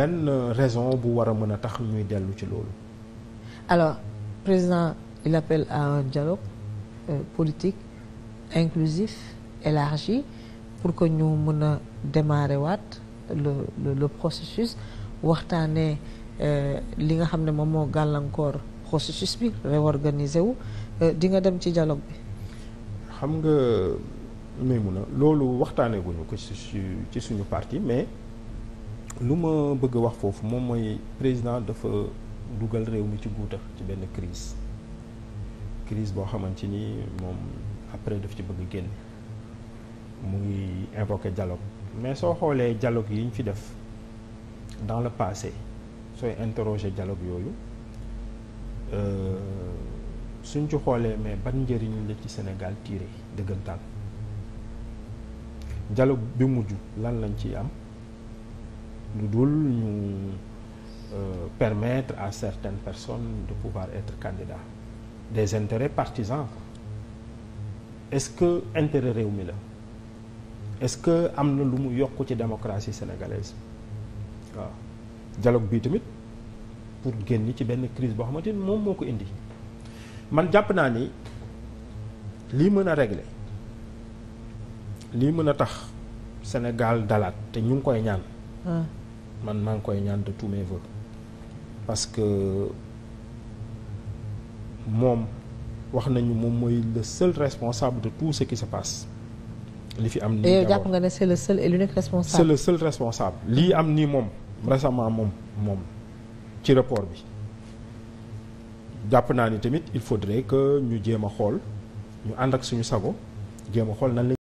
benn raison bu war a mën a tax ñuy dellu ci loolu. alors président il appelle à un dialogue euh, politique inclusif élargi pour que ñu mën a démarrer waat le le, le processus waxtaanee euh, li nga xam ne moom moo gàllankoor processus bi réorganiser wu euh, di nga dem ci dialogue bi. xam nga may mun a loolu waxtaanee guñu ko ci suñu parti mais. lu ma bëgg a wax foofu moom mooy président dafa dugal réew mi ci guuta ci benn crise crise boo xamante ni moom après daf ci bëgg génn mu ngi invoqué dialogue mais soo xoolee dialogue yi ñu fi def dans le passé sooy interroger dialogue yooyu euh, suñ ci xoolee mais ban njëriñ la ci Sénégal tiire dëggantaan dialogue bi mujj lan lañ ciy am lu dul ñu euh, permettre à certaines personnes de pouvoir être candidats des intérêts partisans est-ce que intérêt réew mi la est-ce que am na lu mu yokk ci démocratie sénégalaise waaw dialogue bii tamit pour génn ci benn crise boo xamante ni moom moo ko indi man jàpp naa ni lii mën a régle lii mën a tax Sénégal dalaat te ñu ngi koy ñaan ah. man maa ngi koy ñaan de tous mes voeux parce que moom wax nañu moom mooy le seul responsable de tout ce qui se passe li fi am. nii jàpp nga ne c'est le et le seul responsable lii am nii moom récemment moom moom ci rapport bi jàpp naa ni tamit il faudrait que ñu jéem a xool ñu ànd ak suñu sago jéem xool na la.